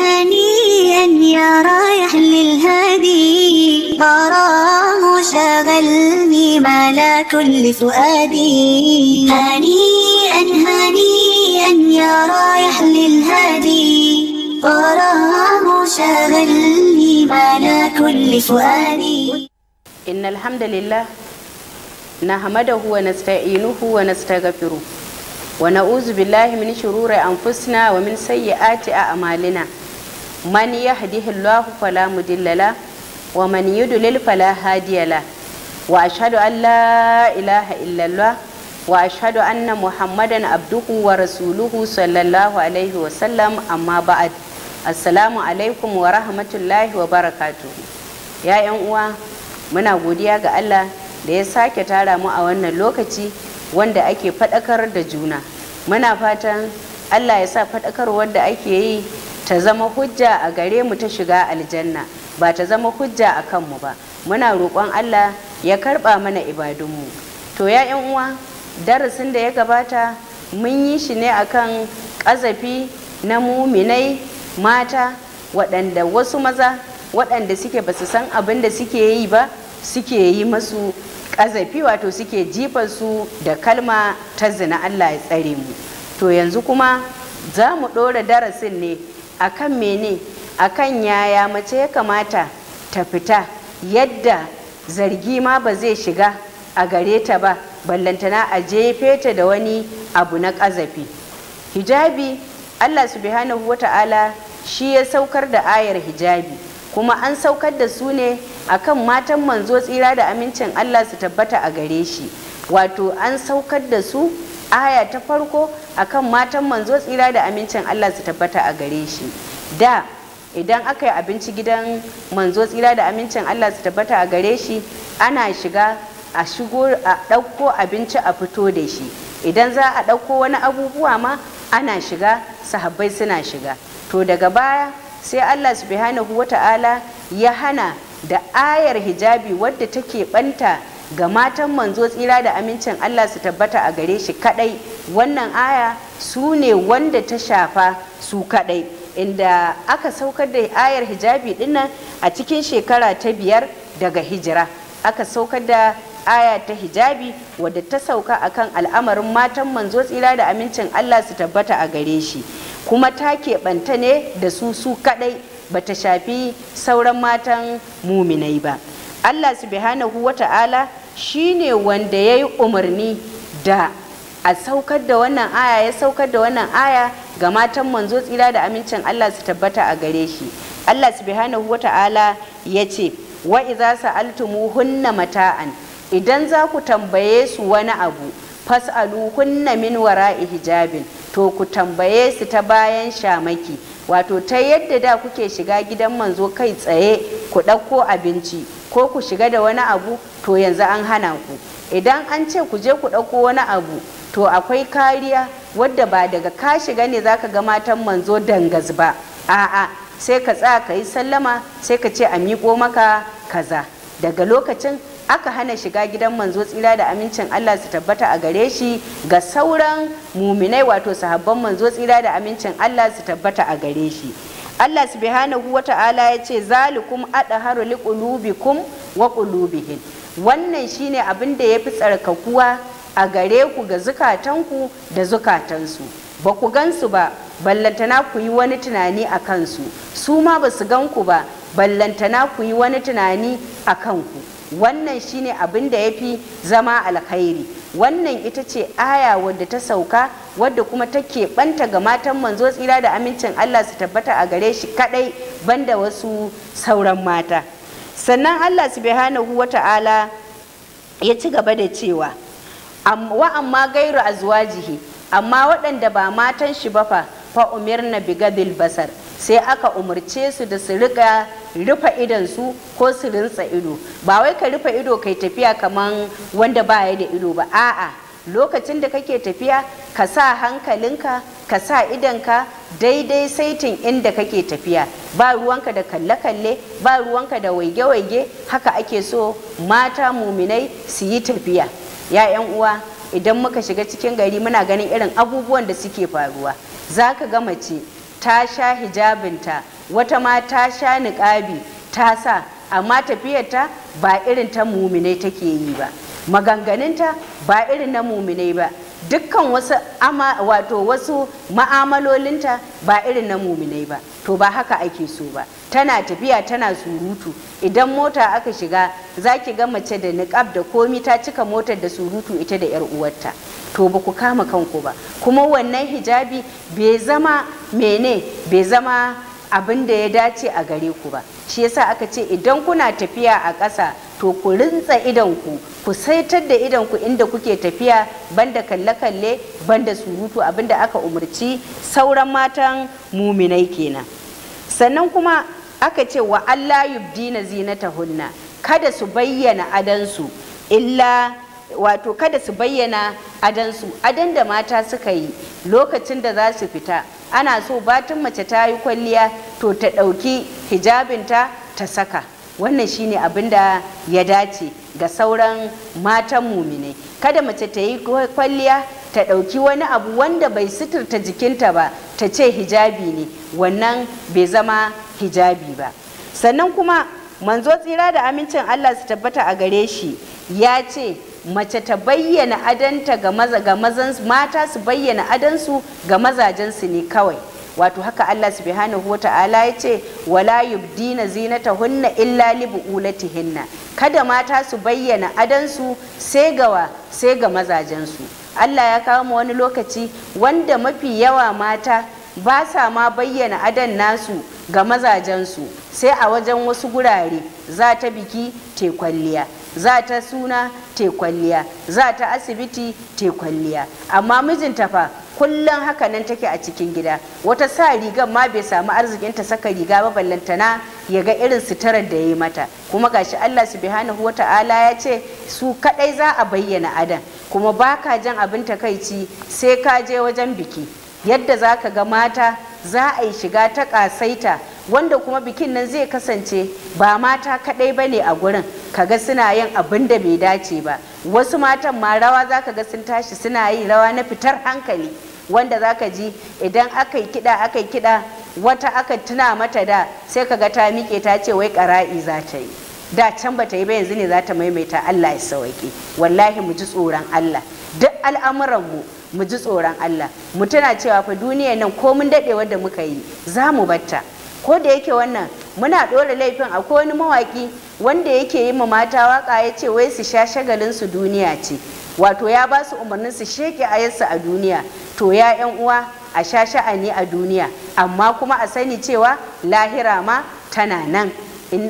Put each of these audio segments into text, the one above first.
هنيئا يا رايح للهادي براه شغلني لا كل فؤادي هنيئا هنيئا يا رايح للهادي براه شغلني لا كل فؤادي إن الحمد لله نحمده ونستعينه ونستغفره ونعوذ بالله من شرور أنفسنا ومن سيئات أعمالنا Mani ya hadihin Luwa Kwallamo dillala wa mani idulil Fala Hadiyya la wa'ashadu Allah ilaah illallwa wa'ashadu muhammadan abduhu wa rasuluhu sallallahu alaihi wa sallam amma ba'ad asalamu alaikum wa rahmatullahi wa barakatu. Ya'yan uwa muna godiya ga Allah da ya sake tara mu a wannan lokaci wanda ake ke faɗakar da juna muna fatan Allah ya sa faɗakar wanda ake yi. ta zama hujja a gare mu ta shiga aljanna ba ta zama hujja a kanmu ba muna roƙon Allah ya karɓa mana ibadunmu to ya uwa darasin da ya gabata mun yi shi ne akan ƙazafi na muminai mata waɗanda wasu maza waɗanda suke ba su san abin da suke yi ba suke yi masu ƙazafi wato suke jifar su da kalma ta zina Allah ya tsare mu to yanzu kuma za mu ɗora darasin ne akan mene akan yaya mace ya kamata ta fita yadda zargi ma ba zai shiga a gare ta ba ballantana a jefe ta da wani abu na ƙazafi hijabi allah subhanahu wa ta'ala shi ya saukar da ayar hijabi kuma an saukar da su ne akan matan manzo tsira da amincin allah su tabbata a gare shi wato an saukar da su aya ta farko akan matan manzo tsira da amincin Allah su tabbata a gare shi da idan aka yi abinci gidan manzo tsira da amincin Allah su tabbata a gare shi ana shiga a shigo a ɗauko abinci a fito da shi idan za a ɗauko wani abubuwa ma ana shiga sahabbai suna shiga to daga baya sai Allah subhanahu ta'ala ya hana da ayar hijabi wadda take banta ga matan manzo tsira da amincin Allah su tabbata a gare shi kadai wannan aya su ne wanda ta shafa su kadai inda aka saukar da ayar hijabi dinnan a cikin shekara ta biyar daga hijira aka saukar da aya ta hijabi wadda ta sauka akan al'amarin matan manzo tsira da amincin Allah su tabbata a gare shi kuma ta keɓanta ne da su su kadai ta shafi sauran matan muminai ba Allah subhanahu wa ta'ala Shi ne wanda ya yi umarni da a saukar da wannan aya ya saukar da wannan aya ga matan manzo tsira da amincin Allah su tabbata a gare shi Allah subhanahu ta'ala ya ce wa iza hunna mata'an idan za ku tambaye su wani abu fas'alu hunna min wara'i hijabin to ku tambaye su ta bayan shamaki wato ta yadda da kuke shiga gidan manzo kai tsaye ku ɗauko abinci ko ku shiga da wani abu to yanzu an hana ku idan an ce ku je ku ɗauko wani abu to akwai kariya wadda ba daga ka shiga ne za ka ga matan manzo dangaz ba a'a sai ka tsaya ka yi sallama sai ka ce a miƙo maka kaza daga lokacin aka hana shiga gidan manzo tsira da amincin Allah su tabbata a gare shi ga sauran muminai wato sahabban manzo tsira da amincin Allah su tabbata a gare shi Allah subhanahu wa ta'ala ya ce zalikum adharu liqulubikum wa qulubihim wannan shine abin da yafi tsarkakuwa a gare ku ga zukatanku da zukatansu ba ku gansu ba ballantana ku yi wani tunani a kansu su ma ba su ganku ba ballantana ku yi wani tunani a kanku wannan shine abin da yafi zama alkhairi wannan ita ce aya wadda ta sauka wadda kuma ta keɓanta ga matan manzo tsira da amincin Allah su tabbata a gare shi kadai banda wasu sauran mata sannan Allah su subhanahu wa ta'ala ya ci gaba da cewa wa amma gairu jihi amma waɗanda ba matan shi ba fa fa umirna bigadil basar sai aka umarce su da su riƙa rufe idonsu ko su rintsa ido ba wai ka rufe ido kai tafiya kaman wanda ba ya da ido ba a'a lokacin da kake tafiya ka sa hankalinka ka sa ka daidai saitin inda kake tafiya ba ruwanka da kalle-kalle ba ruwanka da waige-waige haka ake so mata muminai su yi tafiya ya 'yan uwa idan muka shiga cikin gari muna ganin irin abubuwan da suke faruwa za ka ga mace ta sha hijabinta wata ma ta sha niƙabi ta sa amma tafiyarta ba irin ta muminai take yi ba maganganunta ba irin na muminai ba dukkan wasu ama wato wasu ma'amalolinta ba irin na muminai ba to ba haka ake so ba tana tafiya tana surutu idan mota aka shiga za ki ga mace da niƙab da komi ta cika motar da surutu ita da 'yar uwarta to ba ku kama kanku ba kuma wannan hijabi bai zama mene bai zama abin da ya dace a gare ku ba shi yasa aka ce idan kuna tafiya a ƙasa to ku rintsa idanku ku saitar da idanku inda kuke tafiya banda kalle-kalle banda surutu abin da aka umarci sauran matan muminai kenan sannan kuma aka ce wa Allah yubdina hunna kada su bayyana adansu illa wato kada su bayyana adansu adan da mata suka yi lokacin da za su fita ana so batun mace ta yi kwalliya to ta ɗauki hijabinta ta saka wannan shine abin da ya dace ga sauran matan mumine kada mace ta yi kwalliya ta ɗauki wani abu wanda bai suturta jikinta ba ta ce hijabi ne wannan bai zama hijabi ba sannan kuma manzo tsira da amincin allah su tabbata a gare shi ya ce mace ta bayyana adanta ga maza ga mazan mata su bayyana adansu ga mazajensu ne kawai wato haka Allah subhanahu wa ta'ala ya ce wala yubdina hunna illa li bu'ulatihinna kada mata su bayyana adansu sai gawa sai ga mazajensu Allah ya kawo mu wani lokaci wanda mafi yawa mata ba sa ma bayyana adan nasu ga mazajensu sai a wajen wasu gurare za ta biki te kwalliya za ta suna te kwalliya za ta asibiti te kwalliya amma mijinta fa kullum haka nan take a cikin gida wata sa rigar ma bai samu arzikin ta saka riga ba ballantana ya ga irin sitarar da ya yi mata kuma gashi Allah subhanahu wata'ala ya ce su kadai za a bayyana adam kuma baka jan abin takaici sai ka je wajen biki yadda za ka ga mata za a yi shiga ta kasaita wanda kuma bikin nan zai kasance ba mata kadai ba ne a gurin kaga suna yin abin da bai dace ba wasu matan ma rawa za ka ga sun tashi suna yi rawa na fitar hankali wanda za ka ji idan aka yi kiɗa aka yi kiɗa wata aka tuna mata da sai ka ga ta miƙe ta ce wai ƙara'i za ta yi da can bata yi ba yanzu ne za ta maimaita Allah ya sauƙi wallahi mu ji tsoron Allah duk al'amuran mu ji tsoron Allah mu tana cewa fa duniya nan ko mun daɗe da muka yi za mu batta ko da yake wannan muna ɗora laifin akwai wani mawaƙi wanda yake yi ma mata waka ya ce wai su sha shagalin su duniya ce wato ya ba su umarnin su sheke ayarsu a duniya to ya yan uwa a sha sha'ani a duniya amma kuma a sani cewa lahira ma tana nan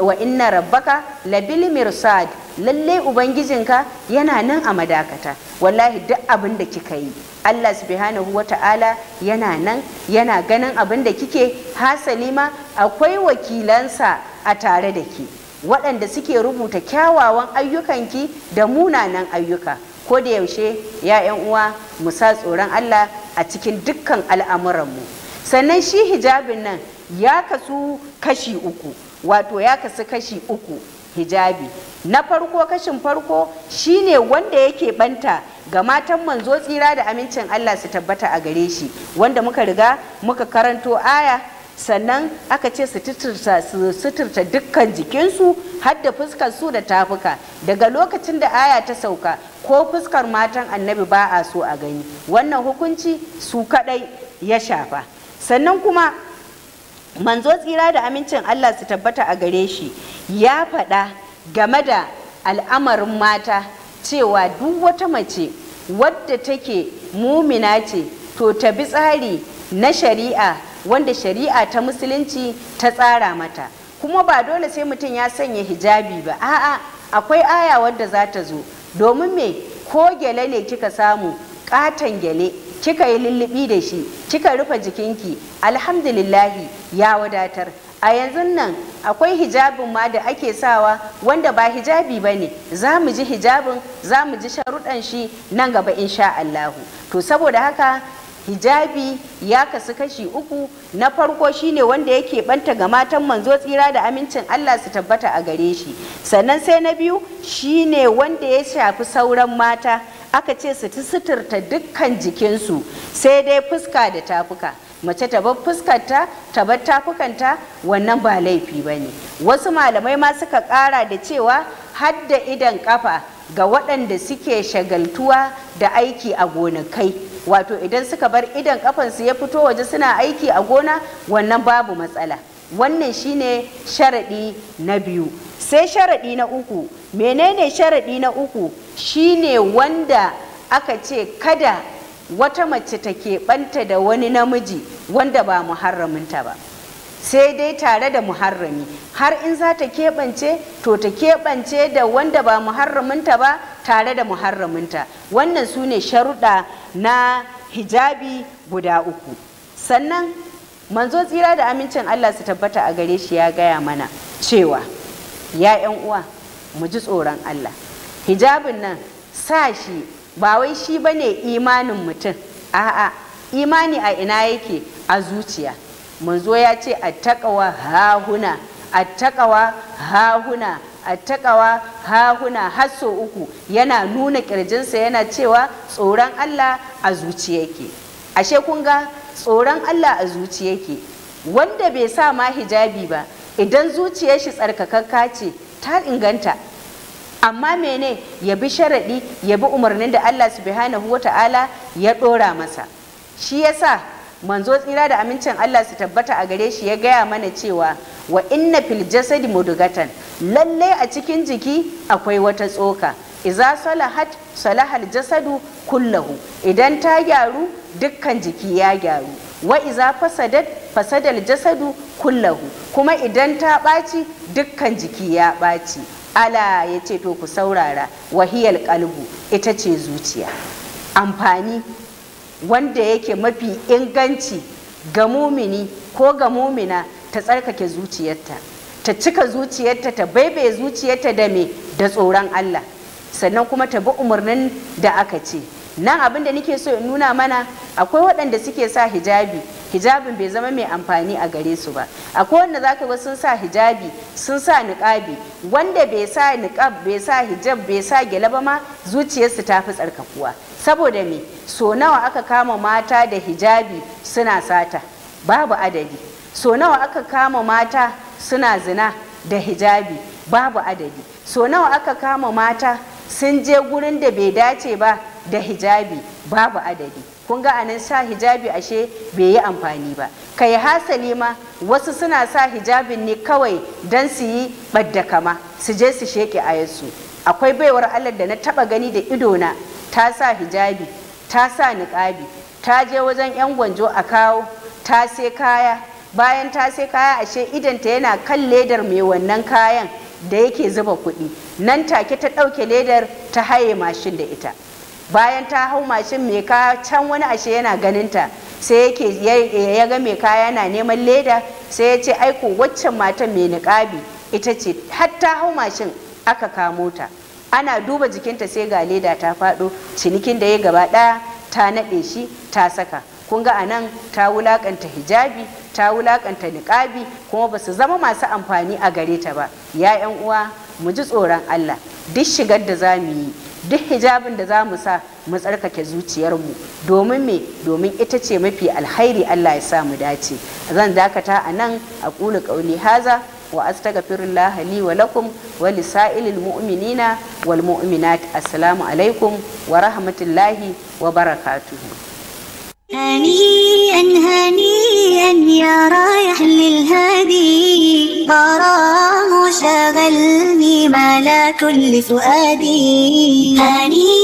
wa inna rabbaka labil mirsad lalle ubangijinka yana nan a madakata wallahi duk abin da kika yi Allah subhanahu wa ta'ala yana nan yana ganin abin da kike hasali ma akwai wakilansa a tare da ke waɗanda suke rubuta kyawawan ayyukanki da munanan ayyuka ko da yaushe ya uwa mu sa tsoron Allah a cikin dukkan al'amuranmu sannan shi hijabin nan ya kasu kashi uku wato ya kasu kashi uku hijabi na farko kashin farko shine wanda yake banta ga matan manzo tsira da amincin Allah su tabbata a gare shi wanda muka riga muka karanto aya sannan aka ce su suturta dukkan jikinsu har da fuskar su da tafuka daga lokacin da aya ta sauka ko fuskar matan annabi ba a so a gani wannan hukunci su kadai ya shafa sannan kuma manzo tsira da amincin Allah su tabbata a gare shi ya faɗa game da al'amarin mata cewa duk wata mace wadda take mumina ce to ta bi tsari na shari'a wanda shari'a ta musulunci ta tsara mata kuma ba dole sai mutum ya sanya hijabi ba a'a akwai aya wadda za ta zo domin me ko gele ne kika samu katon gele. kika yi lullubi da shi kika rufe jikinki alhamdulillahi ya wadatar a yanzu nan akwai hijabin ma da ake sawa wanda ba hijabi ba ne za mu ji hijabin za mu ji sharuɗan shi nan gaba insha Allahu to saboda haka hijabi ya kasu kashi uku na farko shine wanda yake banta ga matan manzo tsira da amincin Allah su tabbata a gare shi sannan sai na biyu shine wanda ya shafi sauran mata aka ce su suturta dukkan jikinsu sai dai fuska da tafuka mace ta bar fuskarta ta bar tafukanta wannan ba laifi ba ne wasu malamai ma suka kara da cewa hadda idan kafa ga waɗanda suke shagaltuwa da aiki a gona kai. wato idan suka bar idan kafansu ya fito waje suna aiki a gona wannan babu matsala wannan shine sharaɗi na biyu sai sharaɗi na uku menene sharaɗi na uku shine wanda aka ce kada wata mace ta keɓanta da wani namiji wanda ba muharraminta ba sai dai tare da muharrami har in za ta keɓance to ta keɓance da wanda ba muharraminta ba tare da muharraminta wannan su ne sharuɗa na hijabi guda uku sannan manzo tsira da amincin allah su tabbata a gare shi ya gaya mana cewa ya 'yan uwa mu ji tsoron allah hijabin nan sa shi ba wai shi ba ne imanin mutum a'a imani a ina yake a zuciya manzo ya ce a takawa hahuna a takawa hahuna a takawa hahuna har so uku yana nuna kirjinsa yana cewa tsoron Allah a zuciya yake ashe kun ga tsoron Allah a zuciya yake wanda bai sa ma hijabi ba idan zuciyar shi tsarkakakka ce ta inganta amma mene ya bi sharaɗi ya bi umarnin da Allah subhanahu Ta'ala ya ɗora masa shi yasa manzo tsira da amincin Allah su tabbata a gare shi ya gaya mana cewa wa inna fil jasadi mudugatan lalle a cikin jiki akwai wata tsoka iza salahat salahal jasadu kullahu idan ta gyaru dukkan jiki ya gyaru wa iza fasadat fasadal jasadu kullahu kuma idan ta ɓaci dukkan jiki ya ɓaci ala ya ce to ku saurara wahiyar kalbu ita ce zuciya amfani wanda yake mafi inganci ga mumini ko ga mumina ta tsarkake zuciyarta ta cika zuciyarta ta baibaye zuciyarta da me da tsoron Allah sannan kuma ta bi umarnin da aka ce nan abin da nake so in nuna mana akwai waɗanda suke sa hijabi hijabin bai zama mai amfani a gare su ba akwai wanda ka ga sun sa hijabi sun sa niqabi wanda bai sa niqab bai sa hijab bai sa gele ba ma zuciyarsu ta fi tsarkakuwa saboda me so nawa aka kama mata da hijabi suna sata babu adadi so nawa aka kama mata suna zina da hijabi babu adadi so nawa aka kama mata sun je gurin da bai dace ba da hijabi babu adadi kun ga anan sa hijabi ashe bai yi amfani ba kai hasali ma wasu suna sa hijabin ne kawai don su yi ɓadda kama su je su sheke ayarsu akwai baiwar allah da na taba gani da idona ta sa hijabi ta sa niƙabi ta je wajen 'yan gwanjo a kawo ta sai kaya bayan ta sai kaya ashe idanta yana kan ledar mai wannan kayan da yake zuba kuɗi nan take ta ɗauke ledar ta haye mashin da ita bayan ta hau mashin mai kaya can wani ashe yana ganinta sai yake ya ga mai kaya yana neman leda sai ya ce aiko waccan matan mai niƙabi ita ce har ta hau mashin aka kamo ta ana duba jikinta sai ga leda ta faɗo cinikin da ya gaba ɗaya ta naɗe shi ta saka kun ga anan ta wulaƙanta hijabi ta wulaƙanta niƙabi kuma ba su zama masu amfani a gare ta ba ya 'yan uwa mu ji tsoron allah duk shigar da za mu yi duk hijabin da za mu sa mu tsarkake zuciyarmu domin me domin ita ce mafi alhairi Allah ya sa mu dace zan dakata a nan a ƙuli ƙauli haza wa astaghfirullah li wa lakum wa lisa'ilil mu'minina wal mu'minat assalamu alaikum wa rahmatullahi wa barakatuhu هنيئا هنيئا يا رايح للهادي براه شغلني لا كل فؤادي هنيئا